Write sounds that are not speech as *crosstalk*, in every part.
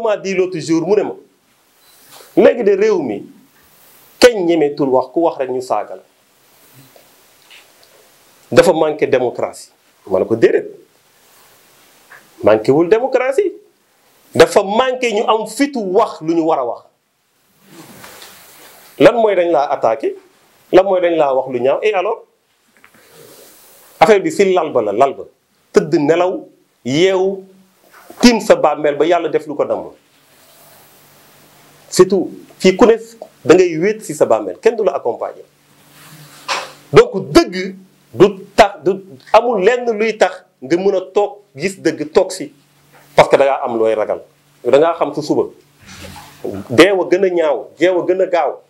m'a dit l'autre jour mu ne ma léegi de réew mi kenn ñemeetul wax ku wax rek ñu saagal dafa manqué démocratie ma ne ko déedéet manqué wul démocratie dafa manqué ñu am fitu wax lu ñu war a wax lan mooy dañ laa attaqué lan mooy dañ laa wax lu ñaaw et alors affaire bi si lal ba la lal ba tëdd nelaw yeewu tiim sa bàmmeel ba yàlla def lu ko damm surtout ci ku ne da ngay wéet si sa bàmmeel kenn du la accompagner donc dëgg du tax du amul lenn luy tax nga mën a toog gis dëgg toog si parce que da am looy ragal da ngaa xam su suba deew a gën a ñaaw jeew a gën a gaaw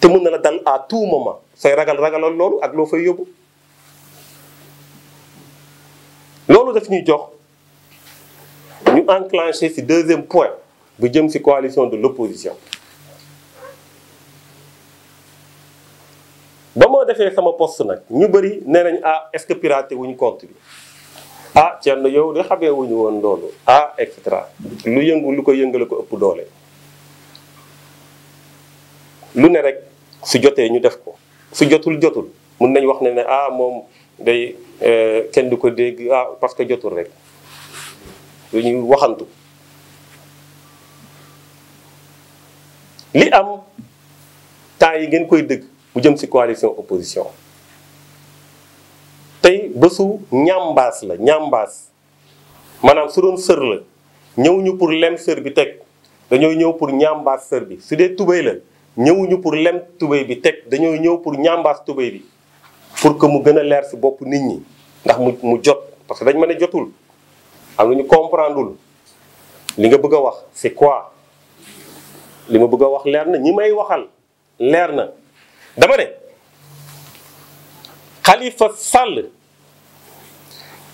te mën na la dal à tout moment sooy ragal ragalal loolu ak loo fay yóbbu loolu daf ñuy jox ñu enclanché ci deuxième point bu jëm ci coalition de l'opposition ba moo defee sama post nag ñu bëri nee nañ ah est-ce que piraté wuñu compte bi ah Thierno yow de xamee wuñu woon loolu ah et cetera lu yëngu lu ko yëngale ko ëpp doole lu ne rek su jotee ñu def ko su jotul jotul mun nañu wax ne ne ah moom day Euh, kenn du ko dégg ah parce que jotul rek lu waxantu li am temps yi ngeen koy dëgg bu jëm ci coalition opposition tey bésu ñambaas la ñambaas maanaam su doon sër la ñëwuñu pour lem sër bi teg dañoo ñëw pour ñambaas sër bi su dee tubéy la ñëwuñu pour lem tubéy bi teg dañoo ñëw pour ñambaas tubéy bi pour que mu gën a leer si bopp nit ñi ndax mu mu jot parce que dañ ma ne jotul am na ñu comprendreul li nga bëgg a wax c'est quoi li ma bëgg a wax leer na ñi may waxal leer na dama ne Khalifa Sall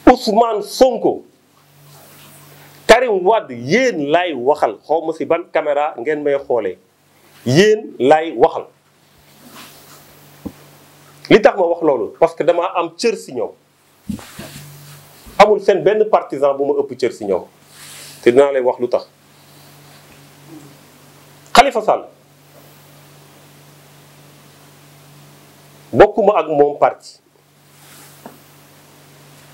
Ousmane Sonko Karim Wade yéen laay waxal xaw ma si ban kamera ngeen may xoolee yéen laay waxal li tax ma wax loolu parce que damaa am cër si ñoom amul seen benn partisan bu ma ëpp cër si ñoom te dinaa lay wax lu tax xalifasal bokkuma ak moom parti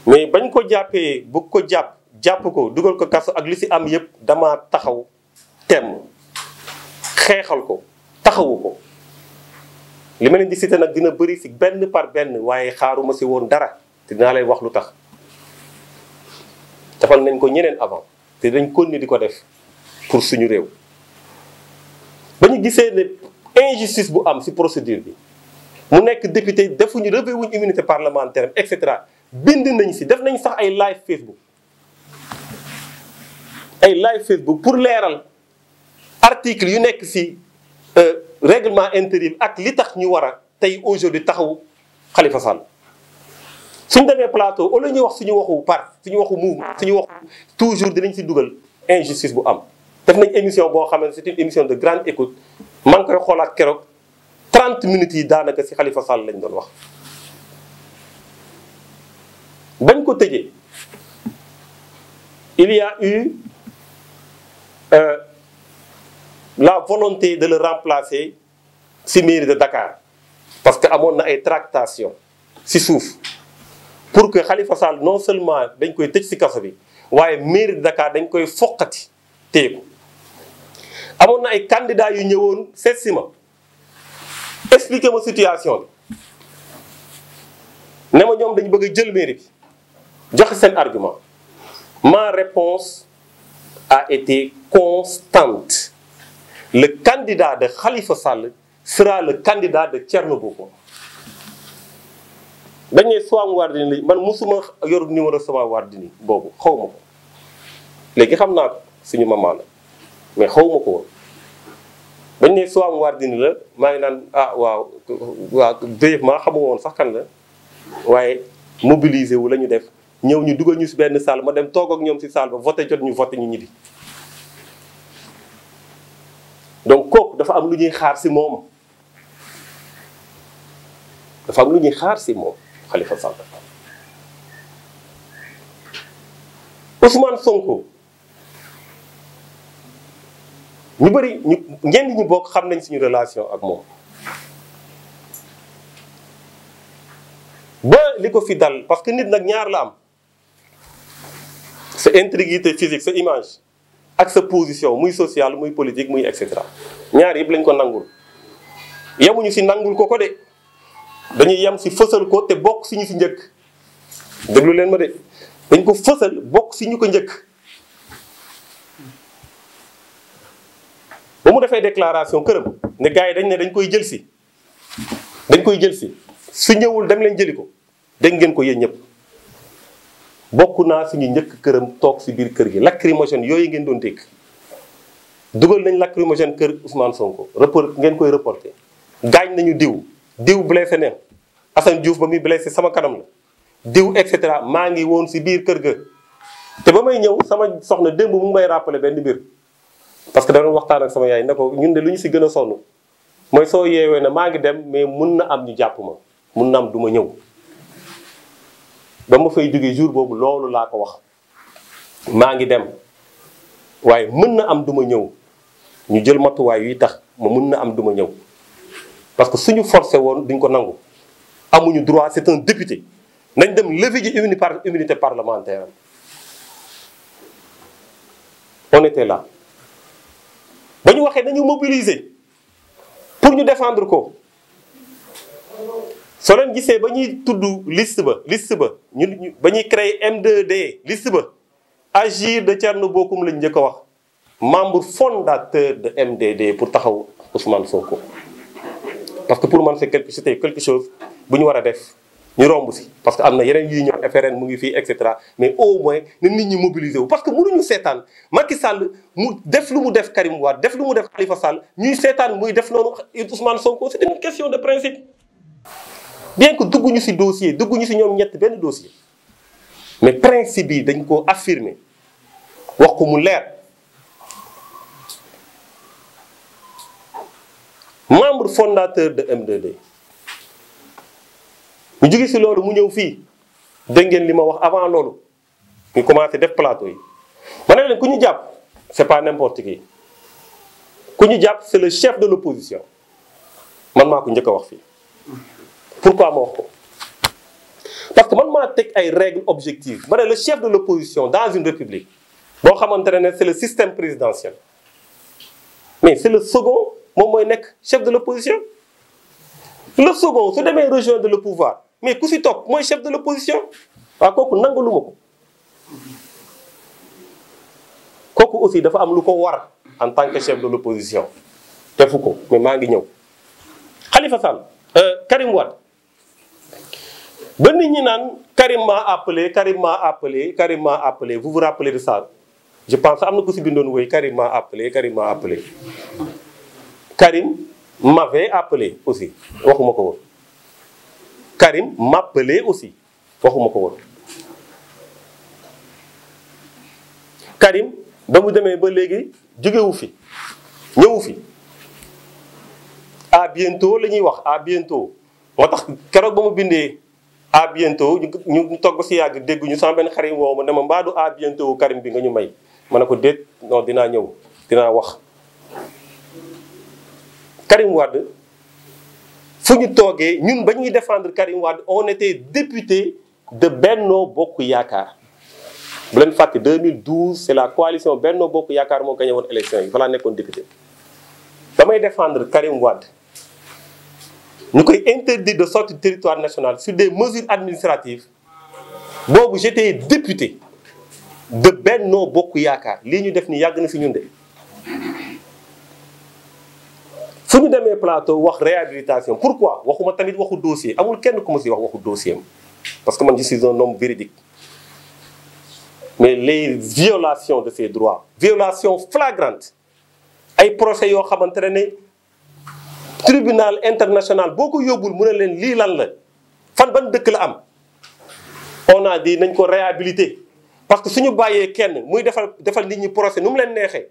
mais bañ ko jàppee bu ko jàpp jàpp ko dugal ko kaso ak li si am yépp dama taxaw temm xeexal ko taxawu ko li ma leen di cité nag dina bëri si benn par benn waaye xaaruma si woon dara te dinaa leen wax lu tax defal nañ ko ñeneen avant te dañ kon ni di ko def pour suñu réew ba ñu gisee ne injustice bu am si procédure bi mu nekk député defuñu levé wuñ immunité parlementaire et cetera bind nañ si def nañ sax ay live Facebook ay live Facebook pour leeral article yu nekk si euh, règlement intérieur ak li tax ñu war a tey aujourd'hui taxaw xalifa Sall suñ demee plateau au lieu ñuy wax suñu waxu par suñu waxu mouvement suñu waxu toujours dinañ si dugal injustice bu am. def nañ émission boo xam ne c'est une émission de grande écoute maa ngi koy xoolaat keroog 30 minutes yi daanaka si Khalifa Sall lañ doon wax bañ ko tëjee il y eu. Euh, la volonté de le remplacer si mairie de Dakar parce que amoon na ay tractation si suuf pour que Khalifa Sall non seulement dañ koy tëj si kaso bi waaye mairie de Dakar dañ koy foqati téeku amoon na ay candidats yu ñëwoon seet si ma expliquer ma situation bi ne ma ñoom dañu bëgg a jël mairie bi joxe seen argument ma réponse a été constante le candidat de Khalifa Sall sera le candidat de Thierno Bocoum dañ ne Soham Wardini la man mosuma yor numéro Soham Wardini boobu xaw ma ko léegi xam naa ko suñu maman la mais xaw ma ko woon dañ ne Soham Wardini la maa ngi naan ah waaw waaw brièvement xamu woon sax kan la waaye mobiliser wu la ñu def ñëw ñu dugal ñu si benn salle ma dem toog ak ñoom si salle ba voté jot ñu voté ñu ñibbi. donc kooku dafa am lu ñuy xaar si moom dafa am lu ñuy xaar si moom Khalifa Sall Ousmane Sonko ñu bëri ñu ñenn ñu bokk xam nañ suñu relation ak moom ba li ko fi dal parce que nit nag ñaar la am sa intégrité physique sa image ak sa position muy sociale muy politique muy et cetera ñaar yëpp lañ ko nangul yemuñu si nangul ko ko de dañuy yem si fësal ko te bokk si ñu njëkk déglu leen ma dañ ko fësal bokk si ñu ko njëkk ba mu defee déclaration këram ne gars yi dañ ne dañ koy jël si dañ koy jël si su ñëwul dem leen jëli ko dégg ngeen ko yéen ñëpp bokk naa suñu njëkk këram toog si biir kër gi lacrymogène yooyu ngeen doon dégg dugal nañ lacrymogène kër Ousmane Sonko report ngeen koy reporté gaañ nañu diw diw blessé neen Assane Diouf ba muy blessé sama kanam la diw et cetera maa ngi woon si biir kër ga te ba may ñëw sama soxna démb mu ngi may rappelé benn biir parce que da waxtaan ak sama yaay ne ko ñun de lu ñu si gën a sonn mooy soo yeewee ne maa ngi dem mais mun na am ñu jàpp ma mun na am du ma ñëw ba ma fay jógee jour boobu loolu laa ko wax maa ngi dem waaye mën na am duma ñëw ñu jël matuwaay yuy tax ma mun na am duma ñëw parce que suñu forcé woon duñ ko nangu amuñu droit c'est un député nañ dem lever par immunité parlementaire on était là ba ñu waxee dañu mobiliser pour ñu défendre ko soo gisee ba ñuy tudd list ba list ba ñu ba ñuy créer M2D liste ba agir de Thierno Bocoum lañ njëkk a wax membre fondateur de M2D pour taxaw Ousmane Sonko parce que pour man c'est quelque c'était quelque chose bu ñu war a def ñu romb si parce que am na yeneen yuy ñëw FRN mu ngi fii et cetera mais au moins na nit ñi mobiliser wu parce que mënuñu seetaan Macky Sall mu def lu mu def Karim Wade def lu mu def Khalifa Sall ñuy seetaan muy def noonu Ousmane Sonko c'est une question bien que dugguñu ci dossier dugguñu ci ñoom ñett benn dossier mais principe yi dañ ko affirme wax ko mu leer membre fondateur de M2D ñu jóge ci loolu mu ñëw fii dégg ngeen li ma wax avant loolu ñu commencé def plateau yi ma ne leen ku ñu jàpp c'est pas n'importe ku ñu jàpp c'est le chef de l'opposition man maa ko njëkk a wax fii pourquoi ma wax ko parce que man maa teg ay règles objectives ma ne le chef de l'opposition dans une république boo xamante ne c'est le système présidentiel mais c'est le second moom mooy nekk chef de l'opposition le second su demee rejoindre le pouvoir mais ku si topp mooy chef de l'opposition waaw kooku nangalu ma ko kooku aussi dafa am lu ko war en tant que chef de l'opposition defu ko mais maa ngi ñëw Khalifa Sall euh, Karim Wade ba nit ñi naan Karim m'a appelé Karim m'a appelé Karim m'a appelé vous de ça je pense am na ku si bindoon woy Karim m'a appelé Karim m'a appelé Karim aussi waxuma ko woon Karim m'appelait aussi waxuma ko woon Karim ba mu demee ba léegi jógewu fi ñëwu fi à bientôt la ñuy wax à biento moo tax keroog ba mu bindee à bientôt ñu toog ba si yàgg dégg ñu sama benn xarit woo ma ne ma mbaadu à bientôt Karim bi nga ñu may ma ne ko déet non dinaa ñëw dinaa wax. Karim Wade fu ñu toogee ñun ba ñuy defendre Karim Wade on était député de Benno Bokk Yaakaar bu leen fàtte 2012 c'est la coalition Benno Bokk Yaakaar moo gagné woon élection yi fa laa nekkoon député damay defendre Karim Wade. ñu koy interdire de sortie du territoire national sur des mesures administratives boobu j'étais député de Benno Bokk Yaakaar lii ñu def ni yàgg na si ñun de fu ñu demee plateau wax réhabilitation pourquoi waxuma tamit waxu dossier amul kenn ku ma si wax waxu dossier am parce que man je suis un homme véridique mais les violations de ces droits violations flagrantes ay procès yoo xamante ne tribunal international boo ko yóbbul mu ne leen lii lan la fan ban dëkk la am on naa dit nañ ko réhabilité parce que suñu bàyyee kenn muy defal defal nit ñi procès nu mu leen neexee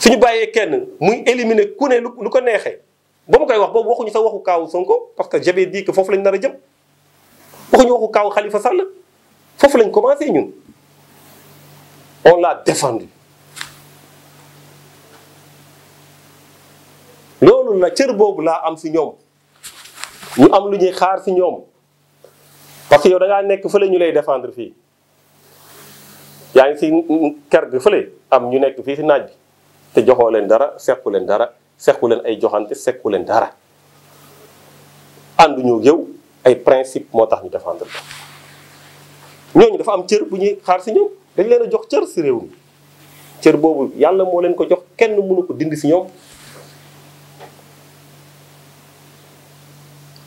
su ñu bàyyee kenn muy éliminer ku ne lu ko neexee ba ma koy wax boobu waxuñu sax waxu kaaw Sonko parce que j'avais dit que foofu lañ nara jëm waxuñu waxu kaawu Khalifa Sall foofu lañ commencé ñun on l'a défendu loolu la cër boobu laa am si ñoom ñu am lu ñuy xaar si ñoom parce que yow da nekk fële ñu lay defendre fii yaa ngi si ker gi fële am ñu nekk fii si naaj bi te joxoo leen dara sequ leen dara sequ leen ay joxante sequ leen dara ànduñu yow ay principe moo tax ñu défendre ko ñooñu dafa am cër bu ñuy xaar si ñoom dañ leen a jox cër si réew mi cër boobu yàlla moo leen ko jox kenn mënu ko dindi si ñoom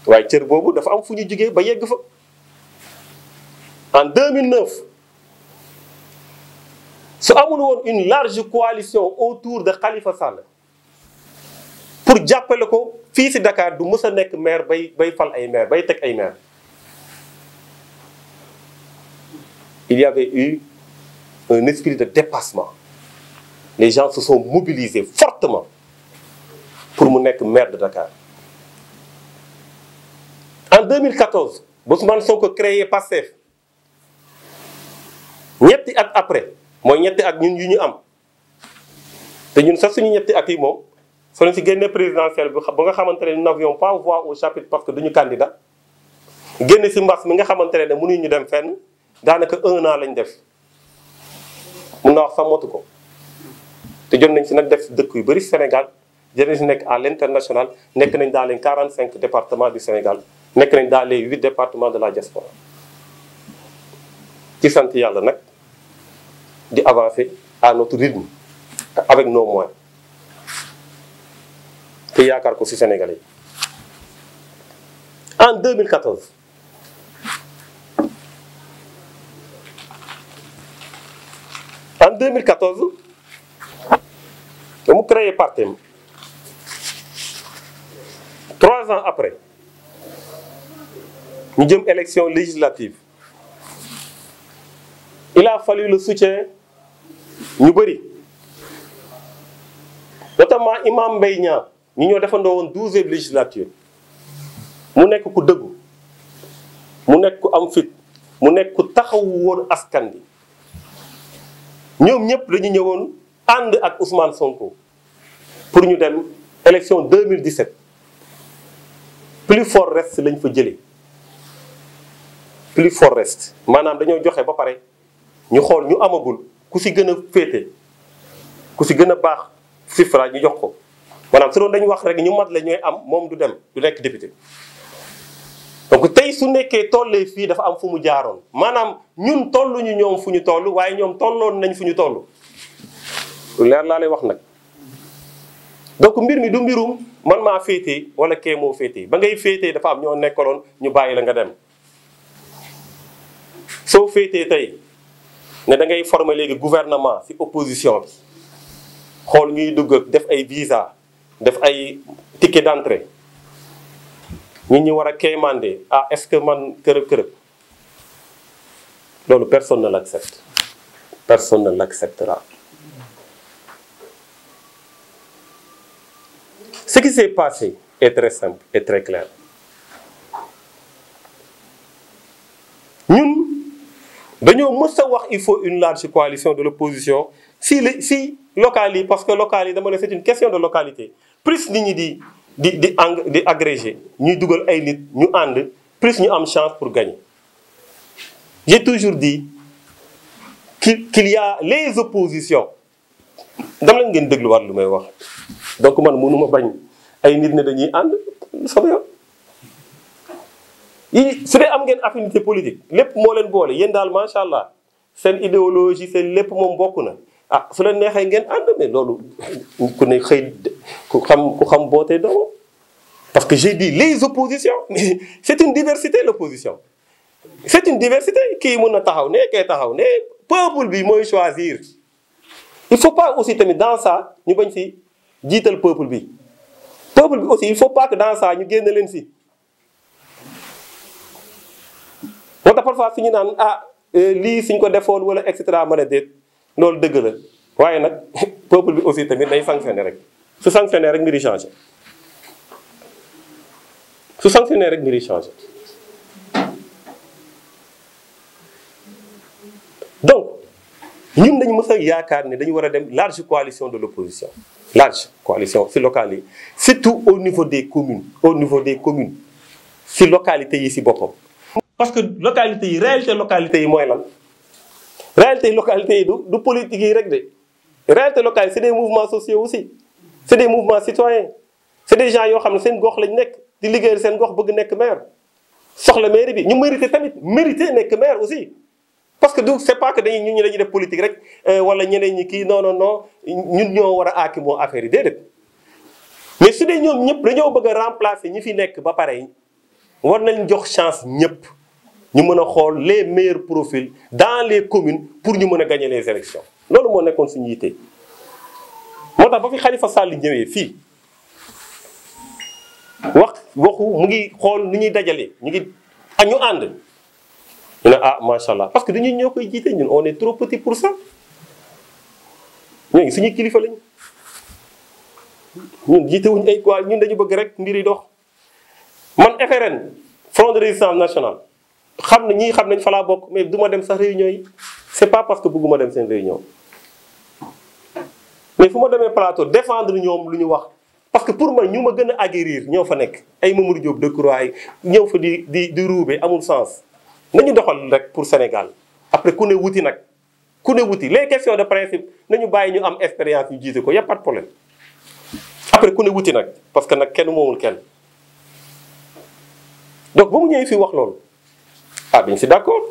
waaye cër boobu dafa am fu ñu jugee ba yegg fa en 2009 su amul woon une large coalition autour de kalifa Sall pour jàppale ko fii si dakaar du mës a nekk maire bay bay fal ay maire bay teg ay maire il y avait eu un esprit de dépassement les gens se sont mobilisés fortement pour mu nekk maire de dakaar en mille 2014 Ousmane Sonko créé PASTEF ñetti at après mooy ñetti at ñun yu ñu am te ñun sax suñu ñetti at yi moom soo leen si génne présidentielle bi ba nga xamante ne nous n'avions pas voix au chapitre parce que duñu candidat génne si mbas mi nga xamante ne ñu dem fenn daanaka un an lañ def mun na wax sax motu ko te jot nañ si nag def dëkk yu bëri Sénégal si nekk à l' international nekk nañ dans les cinq départements du Sénégal. nekk nañ dans les huit départements de la diaspora ci sant yàlla nag di avancé à notre rythme avec nos moyens te yaakaar ko ci Sénégalais yi en 2014 en 2014 ba mu créé parti trois ans après ñu jëm élection législative il a fallu le soutien ñu bëri notamment Imam Mbaye Niang ñu ñoo defandoo woon douzième législature mu nekk ku dëggu mu nekk ku am fit mu nekk ku taxawu woon askan bi ñoom ñëpp dañu ñëwoon ànd ak Ousmane Sonko pour ñu dem élection 2017 plus fort reste lañ fa jëlee. plus fort maanaam dañoo joxe ba pare ñu xool ñu amagul ku si gën a féete ku si gën a baax fifra ñu jox ko maanaam su doon dañu wax rek ñu mat lañuy am moom du dem du nekk député donc tey su nekkee tollee fii dafa am fu mu jaaroon maanaam ñun tolluñu ñoom fu ñu tollu waaye ñoom tolloon nañ fu ñu toll lu leer laa lay wax nag donc mbir mi du mbirum man maa féetee wala kee moo féetee ba ngay féetee dafa am ñoo nekkaloon ñu bàyyi la nga dem soo féetee tey ne da ngay former léegi gouvernement ci opposition bi xool ñuy dugg def ay visa def ay ticket d'entrée ñu ñi war a kéemaande ah est-ce que man kërëb kërëb loolu personne ne l'accepte personne ne l'acceptera ce qui s'est passé est très simple est très clair ñun dañoo mës wax il faut une large coalition de l'opposition si li si locales yi parce que locales yi dama ne c'est une question de localité plus nit ñi di di di eng di agrégé ñuy dugal ay nit ñu ànd plus ñu am chance pour gagner j'ai toujours dit qu'il y a les oppositions dama leen ngeen dégluwaat lu may wax donc man mënuma bañ ay nit ne dañuy ànd sama yoon yi su dee am ngeen affinité politique lépp moo leen boole yéen daal macha allah seen idéologie seen lépp moom bokk na ah su leen neexee ngeen ànd mais loolu ku ne xëy ku xam ku xam boote doomu parce que j'ai dit les oppositions *laughs* mais c'est une diversité l'opposition c'est une diversité kii mën a taxaw ne kay taxaw ne peuple bi mooy choisir il faut pas aussi tamit dans ça ñu bañ si jiital peuple bi peuple bi aussi il faut pas que ñu génn leen si moo tax parfois suñu naan ah euh, lii suñ ko defoon wala et cetera mën a loolu dëgg la waaye nag *laughs* peuple bi aussi tamit day sanctionné rek su sanctionné rek mbir yi su sanctionné rek mbir yi donc ñun dañ mës yaakaar ni dañu war a dem large coalition de l'opposition large coalition si locale yi surtout au niveau des communes au niveau des communes si localité yi si boppam parce que localité yi réalité localité yi mooy lan réalité localité yi du du politique yi rek de réalité locale c'est des mouvements sociaux aussi c'est des mouvements citoyens c'est des gens yoo xam ne seen gox lañ nekk di liggéeyal seen gox bëgg nekk maire soxla mairie bi ñu mérité tamit mérité nekk maire aussi parce que du c'est pas que dañuy ñun ñu dañuy def politique rek euh, wala ñeneen ñi kii non non non ñun ñoo war a affaire yi déedéet mais su dee ñoom ñëpp dañoo bëgg a remplacer ñi fi nekk ba pare war nañ jox chance ñëpp ñu mën a xool les meilleurs profils dans les communes pour ñu mën a gagner les élections loolu moo nekkoon suñu yitte moo tax ba fi Khalifa Sall ñëwee fii wax waxu mu ngi xool nu ñuy dajale ñu ngi ak ñu ànd ñu ne ah macha allah parce que dañuy ñoo koy jiite ñun on est trop petit pour ça ñooñu suñuy kilifa lañu ñu jiite wuñ ay ñun dañu bëgg rek mbir yi dox man FRN Front de Résistance Nationale xam na ñii xam nañ fa bokk mais duma dem sax réunion yi c'est pas parce que bugguma dem seen réunion mais fu ma demee plateau défendre ñoom lu ñu wax parce que pour ma ñu ma gën a aguerrir ñoo fa nekk ay Mamadou Diop Decroix ñëw fa di di di ruube amul sens nañu doxal rek pour Sénégal après ku ne wuti nag ku ne wuti les questions de principe ñu bàyyi ñu am expérience ñu jiite ko y a pas problème après ku ne wuti nag parce que nag kenn moomul kenn donc ba mu ñëwee wax loolu ah dañ si d' accord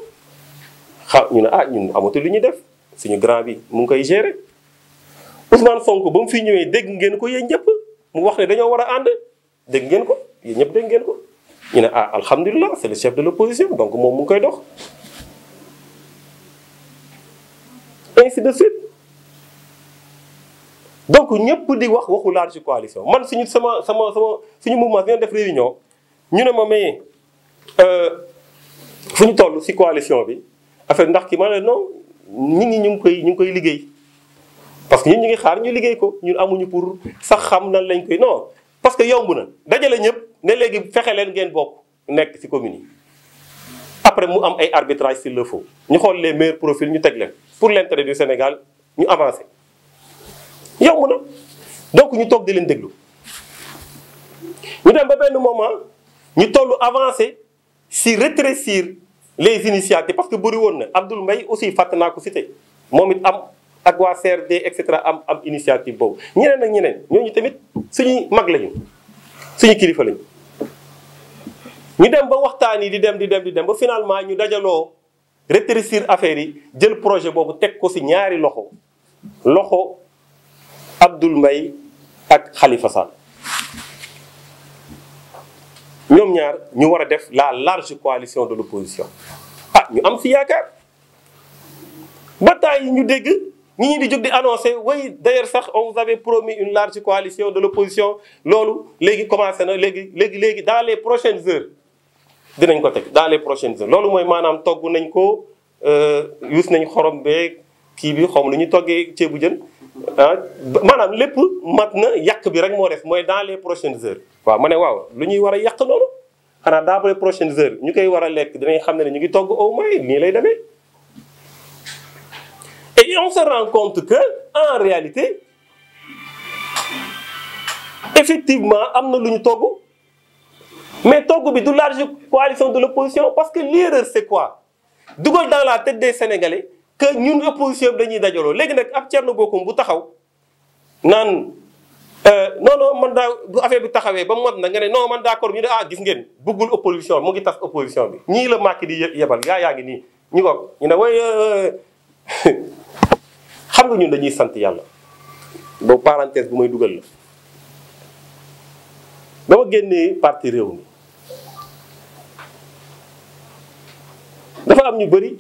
xam ñu ne ah ñun amatul lu ñuy def suñu grand bi mu ngi koy gérer Ousmane Sonko ba mu fi ñëwee dégg ngeen ko yéen ñëpp mu wax ne dañoo war a ànd dégg ngeen ko yéen ñëpp dégg ngeen ñu ne ah alhamdulilah c' le chef de l' opposition donc moom mu ngi koy dox. ainsi de suite donc ñëpp di wax waxu large coalition man suñu sama sama suñu mouvement suñu def réunion ñu ne ma mais. Euh, fu ñu toll si coalition bi affaire ndax ki ma ne non nit ñi ñu ngi koy ñu ngi koy liggéey parce que ñun ñu ngi xaar ñu liggéey ko ñun amuñu pour sax xam nan lañ koy no parce que yomb na dajale ñëpp ne léegi fexe leen ngeen bokk nekk si commune yi après mu am ay arbitrage s'il le faut ñu xool les meilleurs profils ñu teg leen pour l'intérêt du Sénégal ñu avancer yomb na donc ñu toog di leen déglu ñu dem ba benn moment ñu toll avancer si rétrécir les initiatives parce que bëri woon na Abdoul mbay aussi fàtt naa ko cité moom it am ak waa de et cetera am am initiative boobu ñeneen ak ñeneen ñooñu tamit suñuy mag lañu suñu kilifa lañu. ñu dem ba waxtaan yi di dem di dem di dem ba finalement ñu dajaloo rétrécir affaire yi jël projet boobu teg ko si ñaari loxo loxo Abdoul mbay ak Khalifa Sall. ñoom ñaar ñu war a def la large coalition de l'opposition ah ñu am si yaakaar bataay yi ñu dégg ñi ñi di jóg di annoncé way d'ailleurs sax on vous avait promis une large coalition de l'opposition loolu léegi commencé na léegi léegi léegi dans les prochaines heures dinañ ko teg dans les prochaines heures loolu mooy maanaam togg nañ ko euh, yus nañ xorom beeg kii bi xaw ma nu ñu toggee ceebu jën ah maanaam lépp mat na yàq bi rek moo res mooy dans les prochaines heures. waaw ma ne waaw lu ñuy war a yàq noonu xanaa dans les prochaines heures ñu koy war a lekk dinañ xam ne ñu ngi togg au moins nii lay demee. et on se rend que en réalité effectivement am na lu ñu togg mais togg bi du large coalition de l'opposition parce que l'erreur c'est quoi dugal dans la tête des Sénégalais. que ñun opposition bi dañuy dajaloo léegi nag ab Thierno Bocoum bu taxaw naan euh, non non man daa bu affaire bi taxawee ba mot na nga ne non man d'accord ñu ne ah gis ngeen bëggul opposition mu ngi tas opposition bi ñii la Macky di yebal yaa yaa ngi nii ñu ko ñu ne way euh, *laughs* xam nga ñun dañuy sant yàlla boobu parenthèse bu may dugal la dama génnee parti réew mi dafa am ñu bëri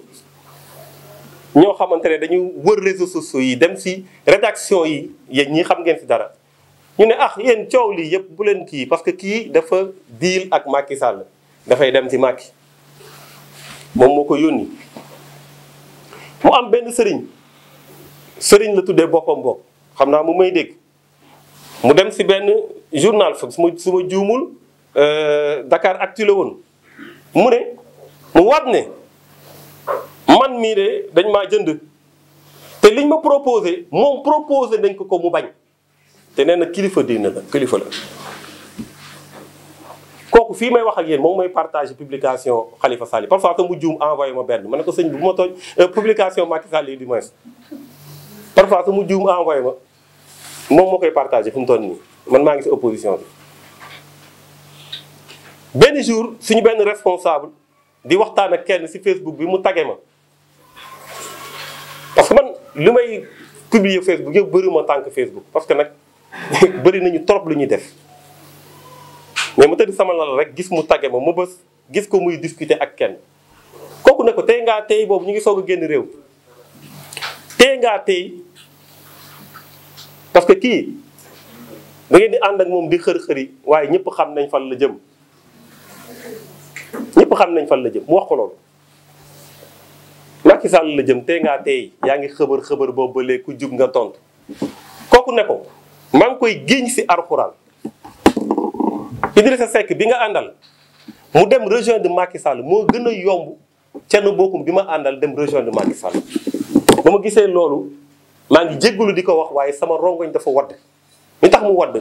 ñoo xamante ne dañu wër réseaux sociaux yi dem si rédaction yi yéen ñii xam ngeen si dara ñu ne ah yéen coow lii yëpp bu leen kii parce que kii dafa deal ak Macky Sall dafay dem si Macky moom moo ko yónni mu am benn sëriñ sëriñ la tuddee boppam bopp xam naa mu may dégg mu dem si benn journal fa su ma su ma juumul euh, dakaar Actu la woon mu ne mu waat ne. man mii de dañ maa jënd te liñ ma proposé moom proposé dañ ko ko mu bañ te nee na kilifa diine la kilifa la. kooku fii may wax ak yéen moom mooy partage publication Khalifa Sall yi parfois que mu juum envoyé ma benn ne ko sëñ bi bu ma tooñ euh, publication Macky Sall mu juum envoyé ma moom moo koy partagé fu mu nii man maa ngi si opposition bi. benn jour suñu benn responsable di waxtaan ak kenn si Facebook bi mu tagge ma parce que man li may publier Facebook yëpp bëri ma tànk Facebook parce que nag *laughs* bari nañu trop lu ñuy def mais ma tëdd sama lal rek gis mu tagge ma ma bës gis ko muy discuter ak kenn kooku ne ko tey ngaa tey boobu ñu ngi soog a génn réew tey ngaa tey parce que kii da ngeen di ànd ak moom di xër-xëri waaye ñëpp xam nañ fan la jëm ñépp xam nañ fan la jëm mu wax Macky la jëm tey ngaa tey yaa ngi xëbër xëbër boobu ba léegi nga tontu kooku ne ko man ngi koy giñ si alxuraan Idrissa Seck bi nga àndal mu dem rejoindre Macky Sall moo gën a yomb Thierno Bocoum bi ma àndal dem rejoindre Macky Sall ba ma gisee loolu maa ngi jéggalu di ko wax waaye sama rongoñ dafa wadd li tax mu wadd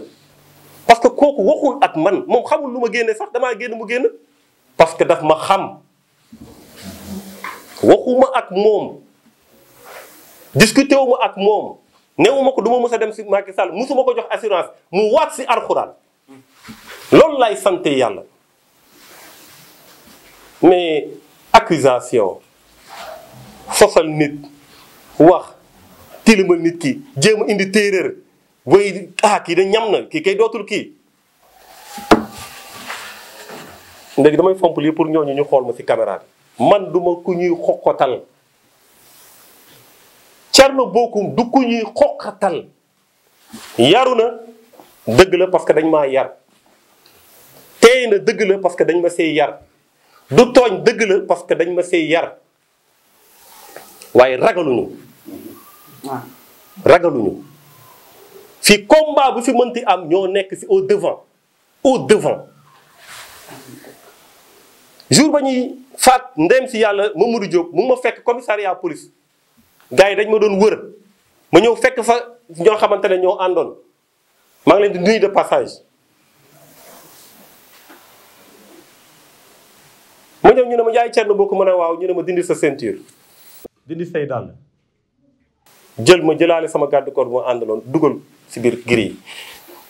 parce que kooku waxul ak man moom xamul lu ma génne sax damaa génn mu génn parce que dafa ma xam. waxuma ak moom discuté wu ma ak moom newuma ko duma ma mës a dem si Macky Sall musuma ko jox assurance mu waat si alxuraan loolu lay sante yàlla mais accusation sosal nit wax tilimal nit ki jéem a indi téeréer way ah kii da ñam na kii kay dootul kii léegi damay fomp lii pour ñooñu ñu xool ma si caméra man duma ku ñuy xoqatal Thierno Bocoum du ku ñuy xoqatal yaru na dëgg la parce que dañ ma yar teey na dëgg la parce que dañ ma see yar du tooñ dëgg la parce que dañ ma see yar waaye ragaluñu ragaluñu fi combat bu fi mënti am ñoo nekk ci au devant au jour ba ñuy faat ndem si yàlla ma Mamadou Diop mu ma fekk commissariat police gars yi dañ ma doon wër ma ñëw fekk fa ñoo xamante ne ñoo àndoon maa ngi leen di nuyu de passage. ma ñëw ñu ne ma yaay Thierno boo ko mën a waaw ñu ne ma dindi sa ceinture. dindi say dàll. jël ma jëlaale sama garde corps bu ma àndaloon dugal si biir giri yi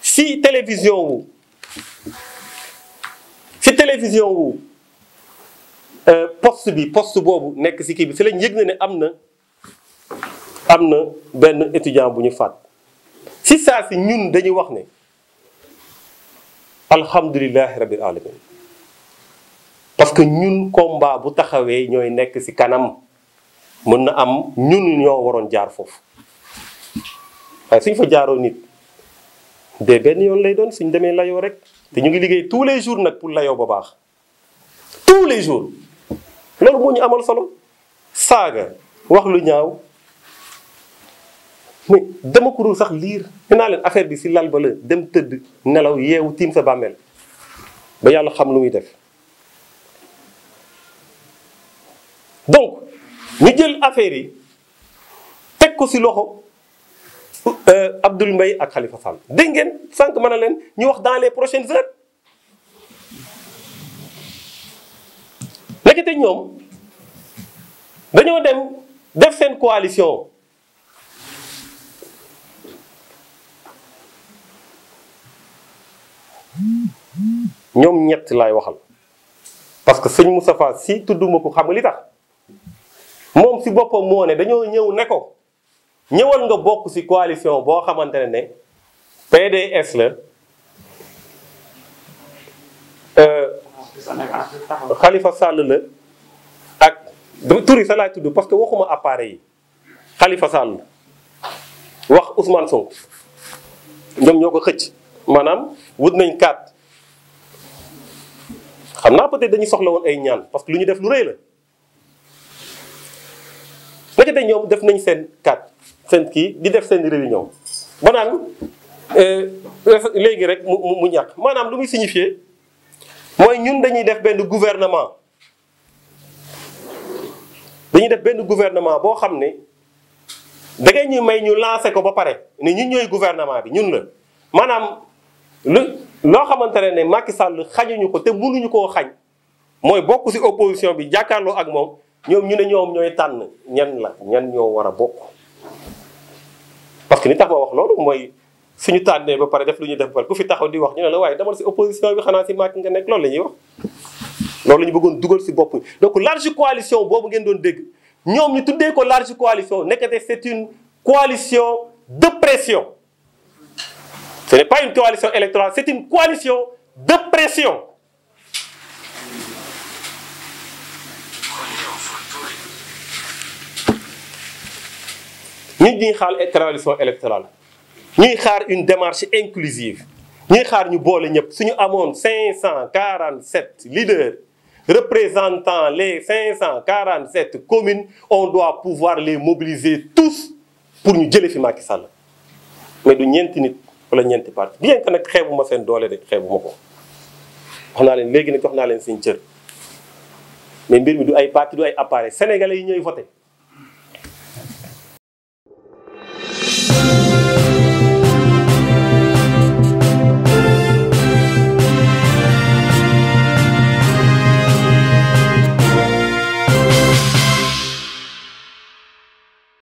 si télévision wu si télévision wu. Euh, post bi poste boobu nekk si kii bi si lañ yëg na ne am na am na benn étudiant bu ñu faat si saa si ñun dañuy wax ne alhamdulilahi rabbil alamin parce que ñun combat bu taxawee ñooy nekk si kanam mën na am ñun ñoo waroon jaar foofu waaye suñ fa jaaroo nit de benn yoon lay doon suñ demee layoo rek te ñu ngi liggéey tous les jours nag pour layoo ba baax tous les jours loolu moo ñu amal solo saaga wax lu ñaaw mais dama ko dul sax liir nee leen affaire bi si lal ba dem tëdd nelaw yeewu tiim sa bàmmeel ba yàlla xam lu muy def donc ñu jël affaire yi teg ko si loxo euh, Abdoul mbey ak Khalifa Sall dégg ngeen sànq mën na leen ñu wax dans les prochaines heures ndekete ñoom dañoo dem def seen coalition ñoom ñett laay waxal parce que sëñ Moustapha si tudduma ko xam nga li tax moom si boppam moo ne dañoo ñëw ne ko ñëwal nga bokk si coalition boo xamante ne ne PDS la. Euh, Khalifa Sall la ak dama turi sa tudd parce que waxuma appareil yi Khalifa Sall wax Ousmane Sonko ñoom ñoo ko xëcc maanaam wut nañ kaat xam naa peut-être dañuy soxla woon ay ñaan parce que lu ñu def lu rëy la nga jotee ñoom def nañ seen kaat seen kii di def seen réunion banaan naan eh, léegi rek mu mu ñàkk maanaam lu muy signifier mooy ñun dañuy def benn gouvernement dañuy def benn gouvernement boo xam ne da ñu may ñu lancé ko ba pare ne ñun ñooy gouvernement bi ñun la maanaam lu loo xamante ne ne Macky Sall xañuñu ko te mënuñu koo xañ mooy bokk ci opposition bi jàkkaarloo ak moom ñoom ñu ne ñoom ñooy tànn ñan la ñan ñoo war a bokk parce que li tax ma wax loolu mooy. su ñu tànnee ba pare def lu ñuy def ba pare ku fi taxaw di wax ñu ne la waaye demal si opposition bi xanaa si màcc nga nekk loolu la ñuy wax. loolu la ñu bëggoon dugal si bopp donc large coalition boobu ngeen doon dégg ñoom ñu tuddee ko large coalition nekkate c'est une coalition de pression. ce n'est pas une coalition électorale c'est une coalition de pression. nit ñi xaal coalition électorale. ñuy xaar une démarche inclusive ñuy xaar ñu boole ñëpp suñu amoon cinq cent 547 leaders représentant les 547 communes on doit pouvoir les mobiliser tous pour ñu jëlee fi Macky Sall mais du ñeenti nit wala ñeenti parti bien que nag xeebuma seen doole de xeebuma ko wax naa leen léegi nag jox naa leen seen cër mais mbir mi du ay parti du ay appareil sénégalais yi ñooy voté